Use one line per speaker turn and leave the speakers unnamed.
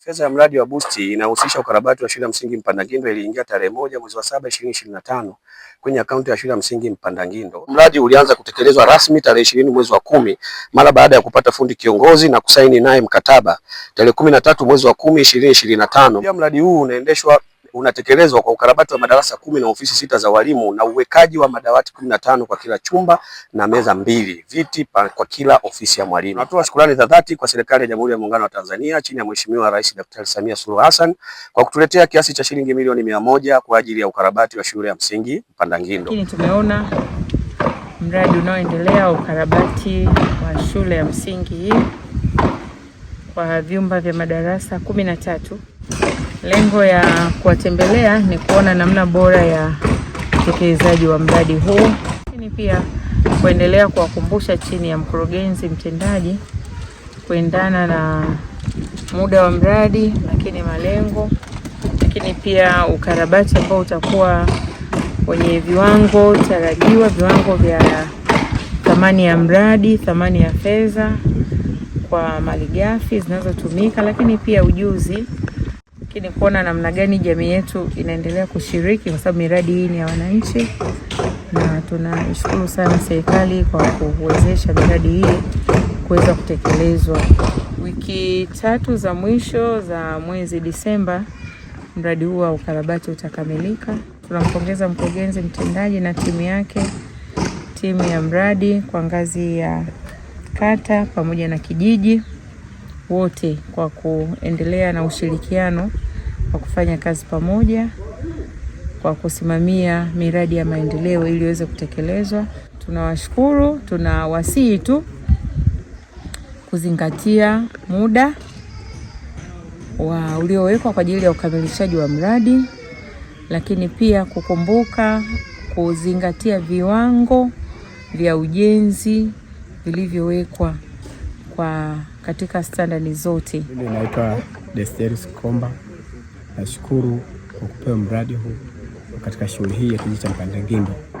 Fedha ya mradi wa busti inahusisha ukarabati wa shule ya msingi Mpandangindo iliingia tarehe moja mwezi wa saba 2025 kwenye akaunti ya shule ya msingi Mpandangindo. Mradi ulianza kutekelezwa rasmi tarehe ishirini mwezi wa kumi mara baada ya kupata fundi kiongozi na kusaini naye mkataba tarehe kumi na tatu mwezi wa kumi 2025. Mradi huu unaendeshwa unatekelezwa kwa ukarabati wa madarasa kumi na ofisi sita za walimu na uwekaji wa madawati kumi na tano kwa kila chumba na meza mbili viti pa, kwa kila ofisi ya mwalimu. Natoa shukrani za dhati kwa serikali ya Jamhuri ya Muungano wa Tanzania chini ya Mheshimiwa Rais Daktari Samia Suluhu Hassan kwa kutuletea kiasi cha shilingi milioni mia moja kwa ajili ya ukarabati wa shule ya msingi Mpandangindo.
Lakini tumeona mradi unaoendelea ukarabati wa shule ya msingi hii kwa vyumba vya madarasa kumi na tatu Lengo ya kuwatembelea ni kuona namna bora ya utekelezaji wa mradi huu, lakini pia kuendelea kuwakumbusha chini ya mkurugenzi mtendaji kuendana na muda wa mradi, lakini malengo, lakini pia ukarabati ambao utakuwa kwenye viwango tarajiwa, viwango vya thamani ya mradi, thamani ya fedha kwa malighafi zinazotumika, lakini pia ujuzi ni kuona namna gani jamii yetu inaendelea kushiriki, kwa sababu miradi hii ni ya wananchi, na tunashukuru sana serikali kwa kuwezesha miradi hii kuweza kutekelezwa. Wiki tatu za mwisho za mwezi Disemba, mradi huu wa ukarabati utakamilika. Tunampongeza mkurugenzi mtendaji na timu yake, timu ya mradi kwa ngazi ya kata pamoja na kijiji wote kwa kuendelea na ushirikiano wa kufanya kazi pamoja kwa kusimamia miradi ya maendeleo ili iweze kutekelezwa. Tunawashukuru, tunawasihi tu kuzingatia muda wa uliowekwa kwa ajili ya ukamilishaji wa mradi, lakini pia kukumbuka kuzingatia viwango vya ujenzi vilivyowekwa kwa katika standardi zote.
Mimi naitwa Desterus Komba, nashukuru kwa kupewa mradi huu katika shughuli hii ya kijiji cha Mkandangindo.